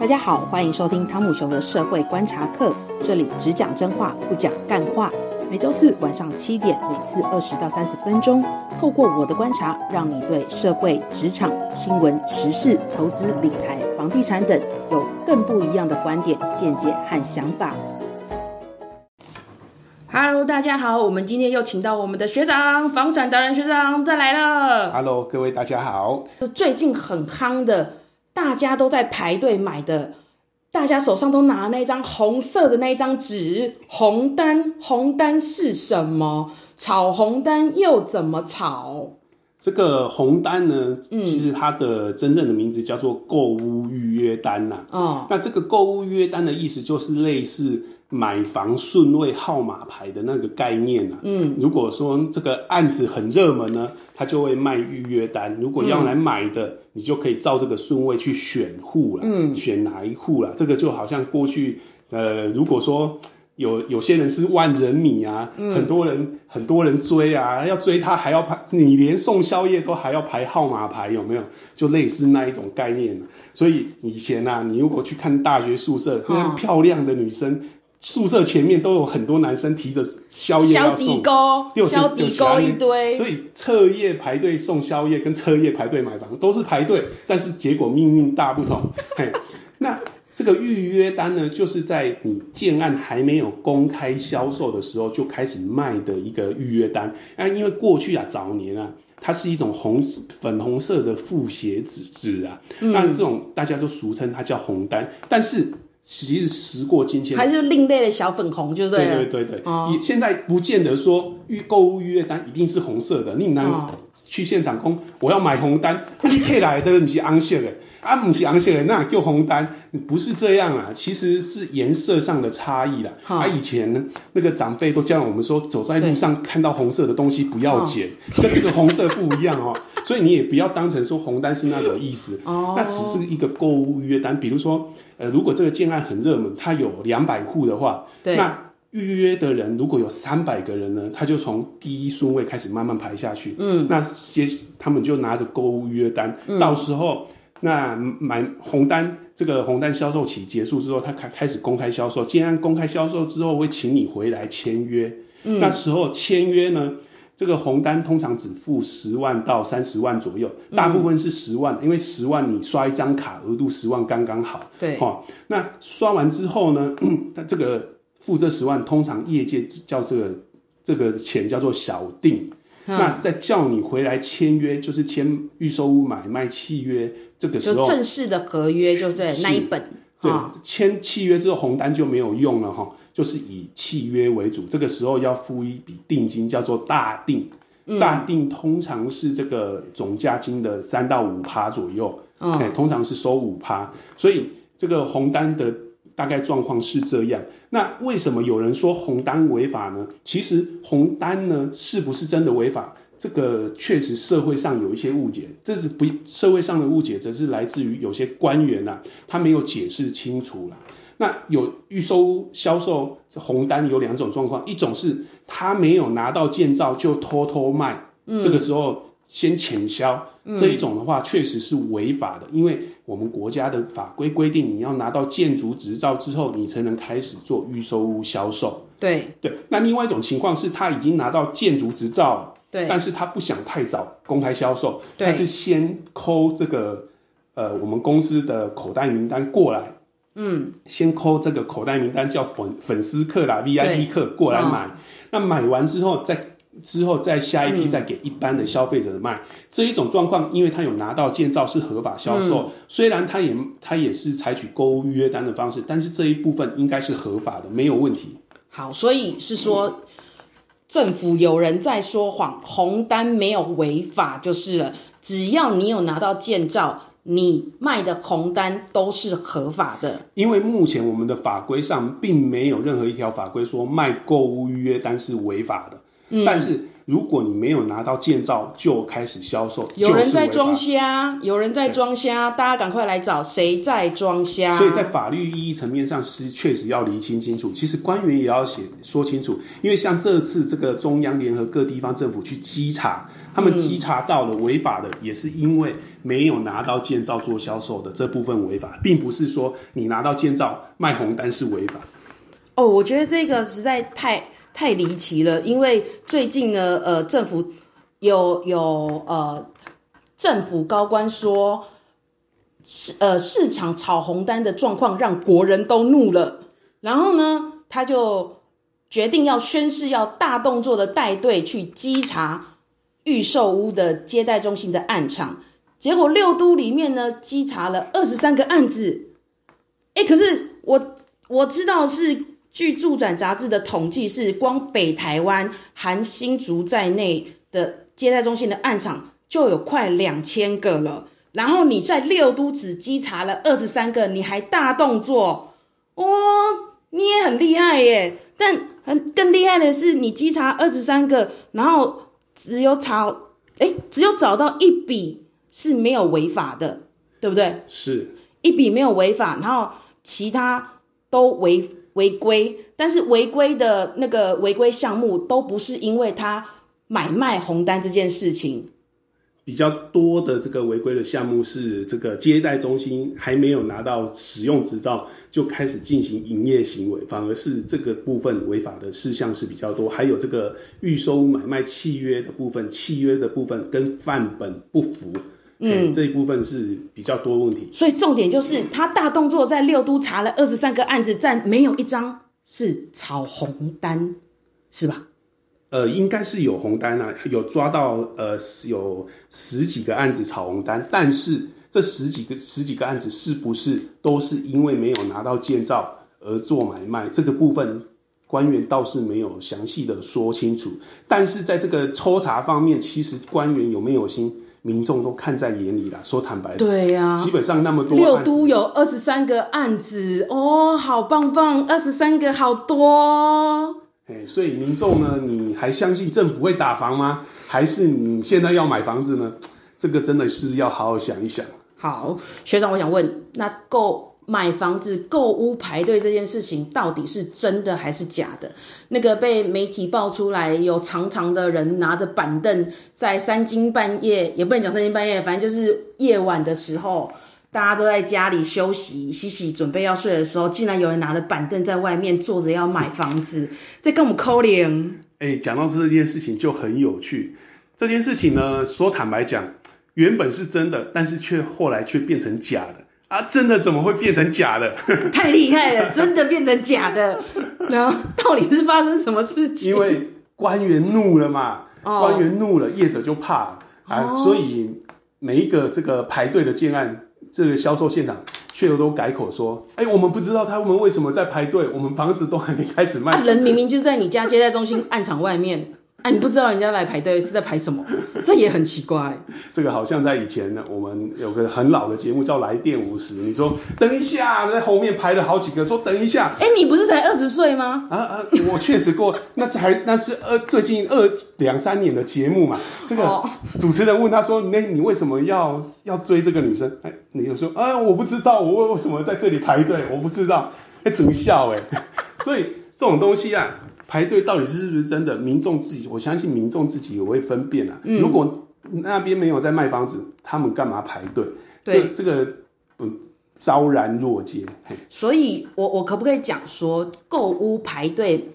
大家好，歡迎收聽湯姆熊的社會觀察課，這裡只講真話，不講幹話。每週四晚上七點，每次二十到三十分鐘，透過我的觀察，讓你對社會、職場、新聞、時事、投資、理財、房地產等有更不一樣的觀點、見解和想法。Hello，大家好，我們今天又請到我們的學長，房產達人學長，再來了。Hello，各位大家好。最近很夯的。大家都在排隊買的，大家手上都拿那一張紅色的那一張紙，紅單，紅單是什麼？炒紅單又怎麼炒？這個紅單呢？嗯，其實它的真正的名字叫做購物預約單呐。啊，嗯。那這個購物預約單的意思就是類似。買房順位號碼牌的那個概念啊，嗯，如果說這個案子很熱門呢，他就會賣預約單。如果要來買的，嗯、你就可以照這個順位去選戶了，嗯，選哪一戶了？這個就好像過去，呃，如果說有有些人是萬人迷啊、嗯，很多人很多人追啊，要追他還要排，你連送宵夜都還要排號碼牌，有沒有？就類似那一種概念。所以以前啊，你如果去看大學宿舍，啊、那個、漂亮的女生，宿舍前面都有很多男生提着宵夜要送，宵底鍋，宵底鍋一堆，所以徹夜排隊送宵夜，跟徹夜排隊買房都是排隊，但是結果命運大不同。 嘿，那這個預約單呢，就是在你建案還沒有公開銷售的時候就開始賣的一個預約單。那、啊、因為過去啊，早年啊，它是一種紅粉紅色的複寫紙質啊，那、嗯、這種大家都俗稱它叫紅單，但是。其實時過境遷，還是另類的小粉紅，就是對，對對對對、哦。你現在不見得說預購物預約單一定是紅色的，你難去現場空我要買紅單，一開來的你是安色的。 啊，唔想細誒，那就紅單，不是這樣啊，其實是顏色上的差異啦。啊，以前呢，那個長輩都叫我們說，走在路上看到紅色的東西不要撿，啊，跟這個紅色不一樣哦，喔， 所以你也不要當成說紅單是那種意思哦，那只是一個購物預約單。比如說，呃，如果這個建案很熱門，它有兩百戶的話，那預約的人如果有三百個人呢，他就從第一順位開始慢慢排下去，嗯，那些他們就拿着購物預約單，嗯，到時候。那買紅單，這個紅單銷售期結束之後，他開開始公開銷售。既然公開銷售之後，會請你回來簽約、嗯。那時候簽約呢，這個紅單通常只付十萬到三十萬左右，大部分是十萬、嗯，因為十萬你刷一張卡，額度十萬剛剛好。對，哈，那刷完之後呢，那這個付這十萬，通常業界叫這個這個錢叫做小定。嗯、那再叫你回來簽約，就是簽預售屋買賣契約，這個時候就正式的合約就是那一本。對，簽、哦、契約之後，紅單就沒有用了哈，就是以契約為主。這個時候要付一筆定金，叫做大定、嗯。大定通常是這個總價金的三到五趴左右，哎、嗯，通常是收五趴，所以這個紅單的。大概狀況是這樣，那為什麼有人說紅單違法呢？其實紅單呢，是不是真的違法，這個確實社會上有一些誤解。這是不社會上的誤解，則是來自於有些官員啊，他沒有解釋清楚啦。那有預收銷售紅單有兩種狀況，一種是他沒有拿到建造就偷偷賣，嗯。這個時候。先潛銷，這一種的話，確實是違法的，嗯，因為我們國家的法規規定，你要拿到建築執照之後，你才能開始做預售屋銷售。對對，那另外一種情況是他已經拿到建築執照了，對，但是他不想太早公開銷售，對，他是先扣這個，呃，我們公司的口袋名單過來，嗯，先扣這個口袋名單，叫粉粉絲客啦，VIP 客過來買，哦，那買完之後再。之後再下一批再給一般的消費者賣這一種狀況，因為他有拿到建照，是合法銷售，雖然他也他也是採取購物預約單的方式，但是這一部分應該是合法的，沒有問題。好，所以是說政府有人在說謊，紅單沒有違法就是了。只要你有拿到建照，你賣的紅單都是合法的。因為目前我們的法規上並沒有任何一條法規說賣購物預約單是違法的。但是如果你沒有拿到建造就開始銷售。嗯，就是，有人在裝瞎，有人在裝瞎，大家趕快來找誰在裝瞎。所以在法律意義層面上是確實要釐清清楚。其實官員也要寫說清楚，因為像這次這個中央聯合各地方政府去稽查，他們稽查到了違法的，也是因為沒有拿到建造做銷售的這部分違法，並不是說你拿到建造賣紅單是違法。哦，我覺得這個實在太。太離奇了，因為最近呢，呃，政府有有呃，政府高官說，市呃市場炒紅單的狀況讓國人都怒了，然後呢，他就決定要宣誓，要大動作的帶隊去稽查預售屋的接待中心的案場，結果六都裡面呢稽查了二十三個案子，哎，可是我我知道是。據住展雜誌的統計，是光北台灣含新竹在內的接待中心的案場，就有快兩千個了。然後你在六都只稽查了二十三個，你還大動作，哇、哦，你也很厲害耶！但很更厲害的是，你稽查二十三個，然後只有找，誒，只有找到一筆是沒有違法的，對不對？是一筆沒有違法，然後其他都違。違規，但是違規的那個違規項目都不是因為他買賣紅單這件事情，比較多的這個違規的項目是這個接待中心還沒有拿到使用執照就開始進行營業行為，反而是這個部分違法的事項是比較多，還有這個預收買賣契約的部分，契約的部分跟範本不符。嗯，這一部分是比較多問題，嗯、所以重點就是他大動作在六都查了二十三個案子，但沒有一張是炒紅單，是吧？呃，應該是有紅單啊，有抓到呃有十幾個案子炒紅單，但是這十幾個十幾個案子是不是都是因為沒有拿到建造而做買賣？這個部分官員倒是沒有詳細的說清楚，但是在這個抽查方面，其實官員有沒有心？民眾都看在眼裡了，說坦白，對呀，啊，基本上那麼多六都有二十三個案子哦，好棒棒，二十三個好多哦。所以民眾呢，你還相信政府會打房嗎？還是你現在要買房子呢？這個真的是要好好想一想。好，學長，我想問，那夠。買房子、購屋排隊這件事情到底是真的還是假的？那個被媒體爆出來，有長長的人拿着板凳，在三更半夜，也不能講三更半夜，反正就是夜晚的時候，大家都在家裡休息、洗洗準備要睡的時候，竟然有人拿着板凳在外面坐着要買房子，在跟我們摳臉。哎、欸，講到這件事情就很有趣。這件事情呢，說坦白講，原本是真的，但是卻後來卻變成假的。啊！真的怎麼會變成假的？ 太厲害了，真的變成假的，然後到底是發生什麼事情？因為官員怒了嘛，哦、官員怒了，業者就怕啊、哦，所以每一個這個排隊的建案，這個銷售現場，卻又都改口說：“哎、欸，我們不知道他們為什麼在排隊，我們房子都還沒開始賣。啊”那人明明就在你家接待中心案場外面。啊、你不知道人家來排隊是在排什麼，這也很奇怪、欸。這個好像在以前呢，我們有個很老的節目叫《來電五十》，你說等一下，在後面排了好幾個，說等一下。哎、欸，你不是才二十歲嗎？啊啊，我確實過，那這還是那是二最近二兩三年的節目嘛。這個主持人問他說：“那、oh. 欸、你為什麼要要追這個女生？”哎、欸，你又說：“啊，我不知道，我為為什麼在這裡排隊，我不知道。欸”哎，怎麼笑哎、欸？所以這種東西啊。排隊到底是不是真的？民眾自己，我相信民眾自己也會分辨啊。嗯、如果那邊沒有在賣房子，他們幹嘛排隊？對，這、這個嗯，昭然若揭。所以我，我我可不可以講說，購物排隊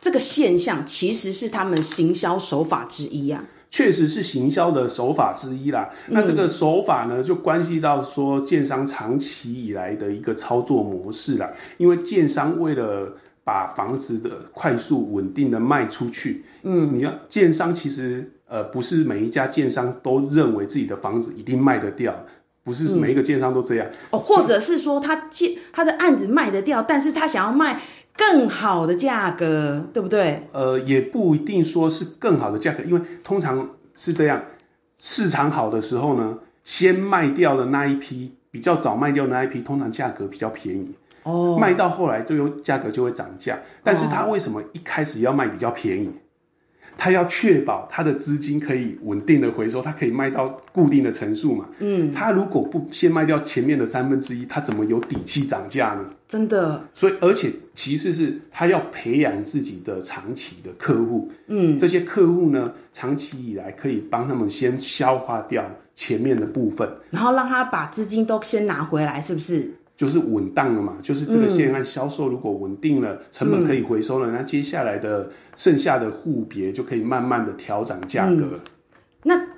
這個現象其實是他們行銷手法之一啊？確實是行銷的手法之一啦。那這個手法呢，嗯、就關係到說，建商長期以來的一個操作模式啦。因為建商為了把房子的快速穩定的賣出去，嗯，你要建商其實呃不是每一家建商都認為自己的房子一定賣得掉，不是每一個建商都這樣、嗯、哦，或者是說他建他的案子賣得掉，但是他想要賣更好的價格，對不對？呃，也不一定說是更好的價格，因為通常是這樣，市場好的時候呢，先賣掉的那一批比較早賣掉的那一批，通常價格比較便宜。賣到後來就價格就會漲價，但是他為什麼一開始要賣比較便宜？他要確保他的資金可以穩定的回收，他可以賣到固定的成數嘛。嗯，他如果不先賣掉前面的三分之一，他怎麼有底氣漲價呢？真的。所以，而且其實是他要培養自己的長期的客戶。嗯，這些客戶呢，長期以來可以幫他們先消化掉前面的部分，然後讓他把資金都先拿回來，是不是？就是穩當了嘛，就是這個現案銷售如果穩定了、嗯，成本可以回收了，那接下來的剩下的戶別就可以慢慢的調漲價格。嗯、那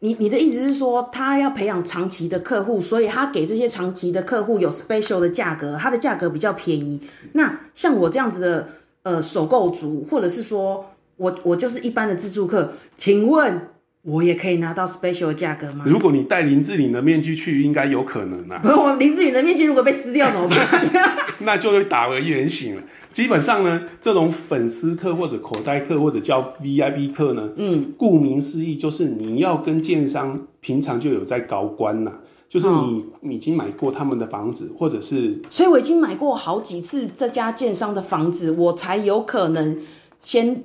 你你的意思是說，他要培養長期的客戶，所以他給這些長期的客戶有 special 的價格，他的價格比較便宜。那像我這樣子的，呃，首購族，或者是說我我就是一般的自住客，請問？我也可以拿到 special 價格嗎？如果你帶林志玲的面具去，應該有可能是、啊、我 林志玲的面具如果被撕掉怎麼辦？ 那就打回原形了。基本上呢，這種粉絲課或者口袋課或者叫 VIP 課呢，嗯，顧名思義就是你要跟建商平常就有在搞關啦就是你、哦、你已經買過他們的房子，或者是……所以我已經買過好幾次這家建商的房子，我才有可能先。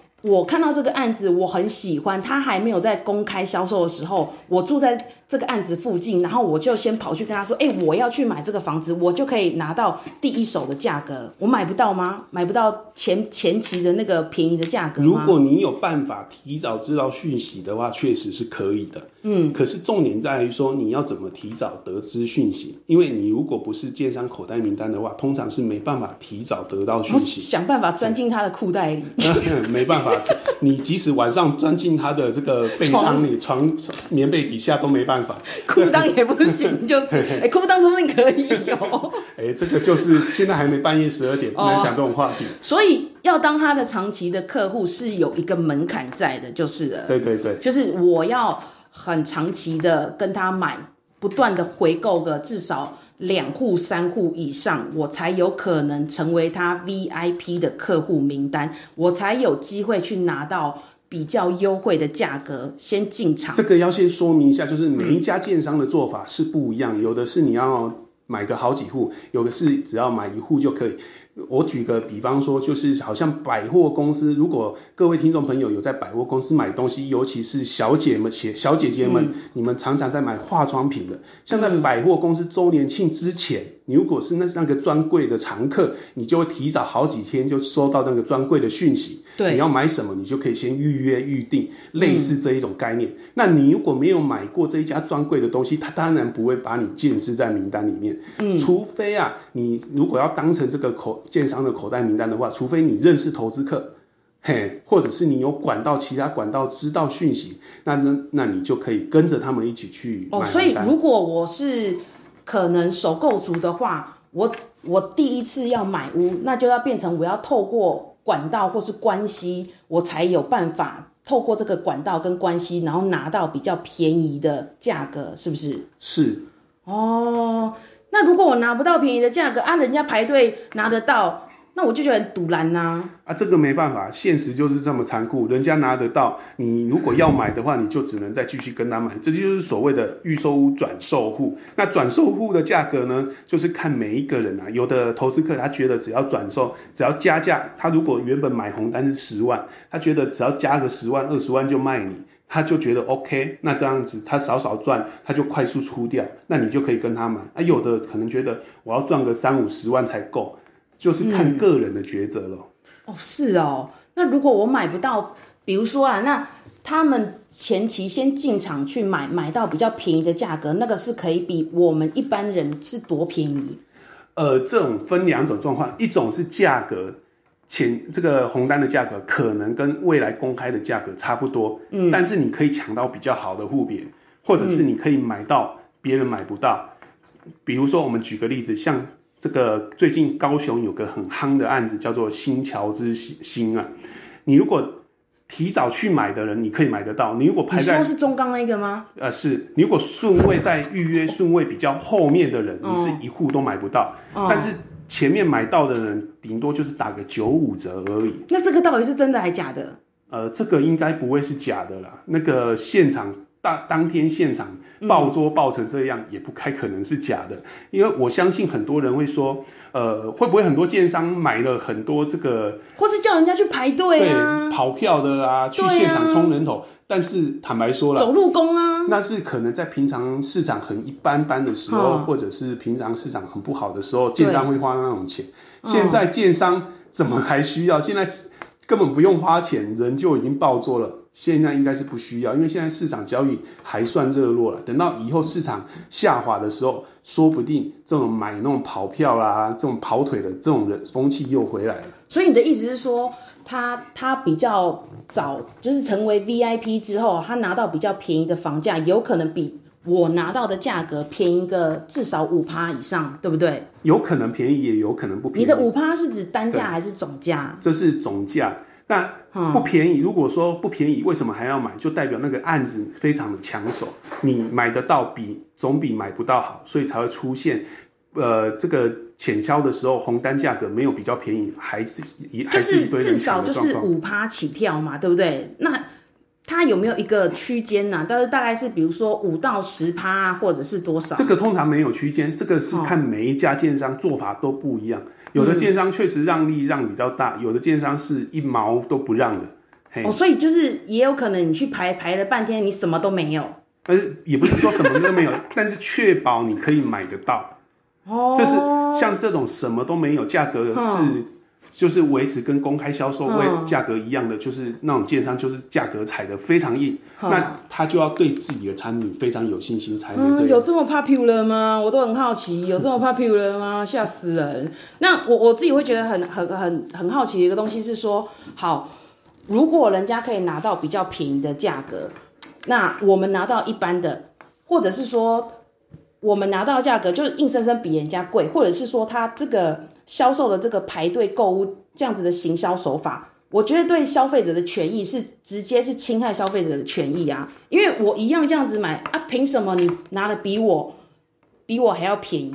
我看到這個案子，我很喜歡。他還沒有在公開銷售的時候，我住在這個案子附近，然後我就先跑去跟他說：“哎，我要去買這個房子，我就可以拿到第一手的價格。”我買不到嗎？買不到前前期的那個便宜的價格嗎？如果你有辦法提早知道訊息的話，確實是可以的。嗯，可是重點在於說，你要怎麼提早得知訊息，因為你如果不是建商口袋名單的話，通常是沒辦法提早得到訊息。想辦法鑽進他的褲袋裡， 沒辦法。 你即使晚上鑽進他的這個被窩裡、床棉被底下都沒辦法，褲 襠也不行，就是。哎、 欸，褲襠說不定可以喲、哦？哎、 欸，這個就是現在還沒半夜十二點，不能講這種話題。所以要當他的長期的客戶是有一個門檻在的，就是了。對對對，就是我要很長期的跟他買，不斷的回購個至少。兩戶、三戶以上，我才有可能成為他 VIP 的客戶名單，我才有機會去拿到比較優惠的價格，先進場。這個要先說明一下，就是每一家建商的做法是不一樣，有的是你要買個好幾戶，有的是只要買一戶就可以。我舉個比方說，就是好像百貨公司，如果各位聽眾朋友有在百貨公司買東西，尤其是小姐們、小姐姐們，嗯、你們常常在買化妝品的，像在百貨公司周年慶之前，你如果是那那個專櫃的常客，你就會提早好幾天就收到那個專櫃的訊息。對，你要買什麼，你就可以先預約預定，類似這一種概念、嗯。那你如果沒有買過這一家專櫃的東西，他當然不會把你建置在名單裡面。嗯，除非啊，你如果要當成這個口。建商的口袋名單的話，除非你認識投資客，嘿，或者是你有管道，其他管道知道訊息，那那那你就可以跟着他們一起去買。哦，所以如果我是可能首購族的話，我我第一次要買屋，那就要變成我要透過管道或是關係，我才有辦法透過這個管道跟關係，然後拿到比較便宜的價格，是不是？是。哦。那如果我拿不到便宜的價格啊，人家排隊拿得到，那我就覺得很賭爛吶。啊，這個沒辦法，現實就是這麼殘酷。人家拿得到，你如果要買的話，你就只能再繼續跟他買。這就是所謂的預售屋轉售戶。那轉售戶的價格呢，就是看每一個人啊。有的投資客他覺得只要轉售，只要加價，他如果原本買紅單是十萬，他覺得只要加個十萬、二十萬就賣你。他就覺得 OK，那這樣子他少少賺，他就快速出掉，那你就可以跟他買。啊，有的可能覺得我要賺個三五十萬才夠，就是看個人的抉擇了。嗯。哦，是哦。那如果我買不到，比如說啊，那他們前期先進場去買，買到比較便宜的價格，那個是可以比我們一般人是多便宜。呃，這種分兩種狀況，一種是價格。前這個紅單的價格可能跟未來公開的價格差不多，嗯，但是你可以搶到比較好的戶別，或者是你可以買到別人買不到。嗯、比如說，我們舉個例子，像這個最近高雄有個很夯的案子，叫做新橋之星啊。你如果提早去買的人，你可以買得到。你如果排，在，你說是中鋼那個嗎？呃，是。你如果順位在預約順位比較後面的人，哦、你是一戶都買不到。哦、但是。前面買到的人頂多就是打個九五折而已。那這個到底是真的還是假的？呃，這個應該不會是假的啦。那個現場當當天現場爆桌爆成這樣，嗯，也不太可能是假的。因為我相信很多人會說，呃，會不會很多建商買了很多這個，或是叫人家去排隊、啊、對跑票的啊，去現場充人頭。但是坦白說了，走路工啊，那是可能在平常市場很一般般的時候，哦、或者是平常市場很不好的時候，建商會花那種錢，哦。現在建商怎麼還需要？現在。根本不用花錢，人就已經爆作了。現在應該是不需要，因為現在市場交易還算熱絡了。等到以後市場下滑的時候，說不定這種買那種跑票啦、啊、這種跑腿的這種人風氣又回來了。所以你的意思是說，他他比較早就是成為 VIP 之後，他拿到比較便宜的房價，有可能比。我拿到的價格便宜個，至少五趴以上，對不對？有可能便宜，也有可能不便宜。你的五趴是指單價還是總價？這是總價。那不便宜，嗯，如果說不便宜，為什麼還要買？就代表那個案子非常的搶手，你買得到比總比買不到好，所以才會出現，呃，這個潛銷的時候，紅單價格沒有比較便宜，還是一、就是、還是一堆的就是至少就是五趴起跳嘛，對不對？那。它有沒有一個區間呢？但是大概是比如說五到十趴，啊，或者是多少？這個通常沒有區間，這個是看每一家建商，哦、做法都不一樣。有的建商確實讓利讓比較大，嗯，有的建商是一毛都不讓的嘿。哦，所以就是也有可能你去排排了半天，你什麼都沒有。但是也不是說什麼都沒有， 但是確保你可以買得到。哦，這是像這種什麼都沒有，價格的是。哦就是維持跟公開銷售會價格一樣的，就是那種建商，就是價格踩得非常硬，那他就要對自己的產品非常有信心才能，嗯。有這麼 popular 嗎？我都很好奇，有這麼 popular 嗎？嚇 死人！那我我自己會覺得很很很很好奇的一個東西是說，好，如果人家可以拿到比較便宜的價格，那我們拿到一般的，或者是說。我們拿到的價格就是硬生生比人家貴，或者是說他這個銷售的這個排隊購物這樣子的行銷手法，我覺得對消費者的權益是直接是侵害消費者的權益啊！因為我一樣這樣子買啊，憑什麼你拿的比我比我還要便宜？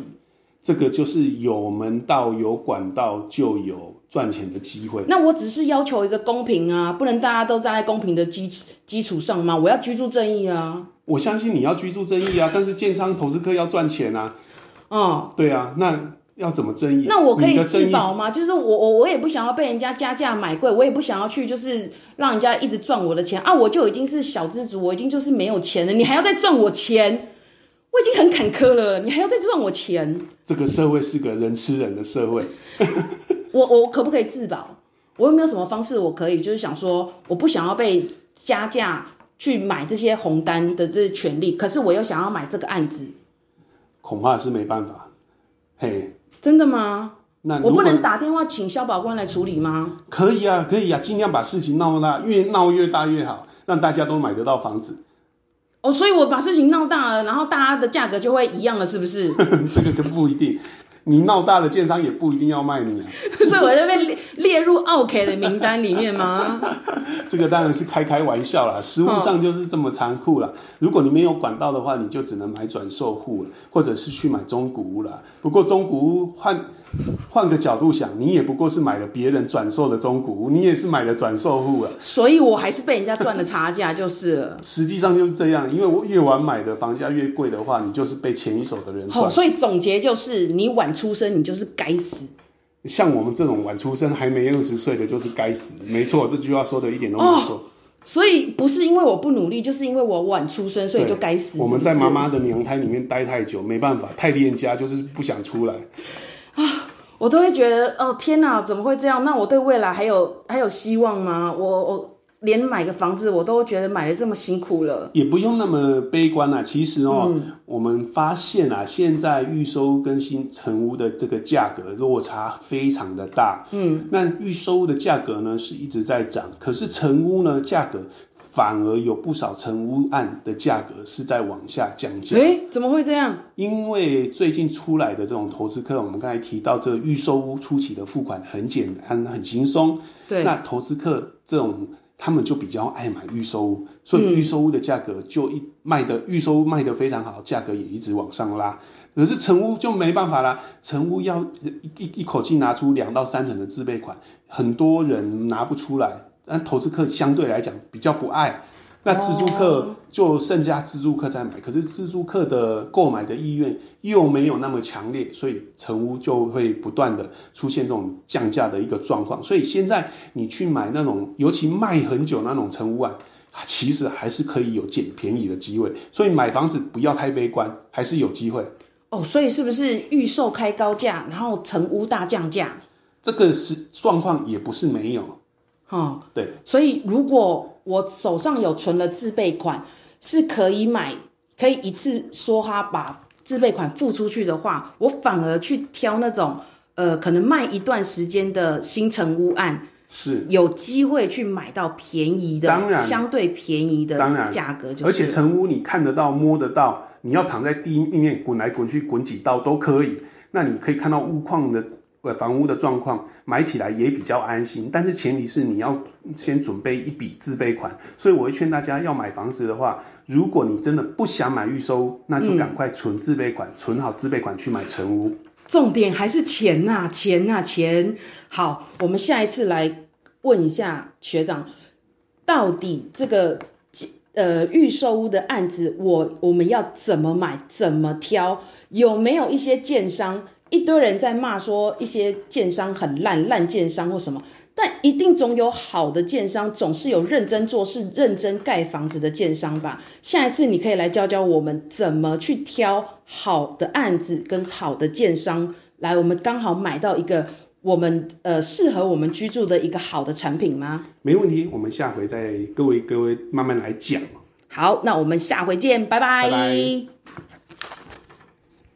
這個就是有門道、有管道就有賺錢的機會。那我只是要求一個公平啊，不能大家都站在公平的基基礎上嗎？我要居住正義啊！我相信你要居住正義啊，但是建商投資客要賺錢啊。啊、哦、對啊，那要怎麼正義？那我可以自保嗎？就是我我我也不想要被人家加價買貴，我也不想要去就是讓人家一直賺我的錢啊！我就已經是小資族，我已經就是沒有錢了，你還要再賺我錢，我已經很坎坷了，你還要再賺我錢。這個社會是個人吃人的社會。 我我可不可以自保？我有沒有什麼方式我可以就是想說，我不想要被加價。去買這些紅單的這權利，可是我又想要買這個案子，恐怕是沒辦法。嘿、hey，真的嗎？那我不能打電話請消保官來處理嗎？可以啊，可以啊，盡量把事情鬧大，越鬧越大越好，讓大家都買得到房子。哦，所以我把事情鬧大了，然後大家的價格就會一樣了，是不是？ 這個就不一定。你鬧大了，建商也不一定要賣你啊。 是我就被列入奧客的名單裡面嗎？ 這個當然是開開玩笑啦，實務上就是這麼殘酷啦。如果你沒有管道的話，你就只能買轉售戶了，或者是去買中古屋啦。不過中古屋換。換個角度想，你也不過是買了別人轉售的中古屋，你也是買了轉售戶啊。所以，我還是被人家賺了差價，就是了。 實際上就是這樣，因為我越晚買的房價越貴的話，你就是被前一手的人賺。好，所以總結就是，你晚出生，你就是該死。像我們這種晚出生還沒二十歲的，就是該死。沒錯，這句話說的一點都沒錯。哦，所以不是因為我不努力，就是因為我晚出生，所以就該死，對，是不是？我們在媽媽的娘胎裡面待太久，沒辦法，太戀家，就是不想出來。啊，我都會覺得，哦，天哪，怎麼會這樣？那我對未來還有還有希望嗎？我我連買個房子我都覺得買的這麼辛苦了，也不用那麼悲觀啦、啊、其實哦、嗯，我們發現啊，現在預售跟新成屋的這個價格落差非常的大。嗯，那預售的價格呢是一直在漲，可是成屋呢價格。反而有不少成屋案的價格是在往下降價。誒，怎麼會這樣？因為最近出來的這種投資客，我們剛才提到這個預售屋初期的付款很簡單、很輕鬆。對。那投資客這種，他們就比較愛買預售屋，所以預售屋的價格就一賣的預售屋賣得非常好，價格也一直往上拉。可是成屋就沒辦法啦，成屋要一一一口氣拿出兩到三成的自備款，很多人拿不出來。那投資客相對來講比較不愛，那自住客就剩下自住客在買，可是自住客的購買的意願又沒有那麼強烈，所以成屋就會不斷的出現這種降價的一個狀況。所以現在你去買那種，尤其賣很久那種成屋啊，其實還是可以有撿便宜的機會。所以買房子不要太悲觀，還是有機會。哦，所以是不是預售開高價，然後成屋大降價？這個是狀況，也不是沒有。哈、哦，對，所以如果我手上有存了自備款，是可以買，可以一次梭哈把自備款付出去的話，我反而去挑那種呃可能賣一段時間的新成屋案，是有機會去買到便宜的，當然相對便宜的當然價格就是，而且成屋你看得到摸得到，你要躺在地面滾來滾去滾幾道都可以，那你可以看到屋況的。房屋的狀況買起來也比較安心，但是前提是你要先準備一筆自備款，所以我會勸大家，要買房子的話，如果你真的不想買預售屋，那就趕快存自備款，嗯，存好自備款去買成屋。重點還是錢吶，啊，錢吶，啊，錢！好，我們下一次來問一下學長，到底這個呃預售屋的案子，我我們要怎麼買，怎麼挑，有沒有一些建商？一堆人在罵說一些建商很爛，爛建商或什麼，但一定總有好的建商，總是有認真做事、認真蓋房子的建商吧？下一次你可以來教教我們怎麼去挑好的案子跟好的建商，來，我們剛好買到一個我們呃適合我們居住的一個好的產品嗎？沒問題，我們下回再，各位各位慢慢來講。好，那我們下回見，拜拜。拜拜。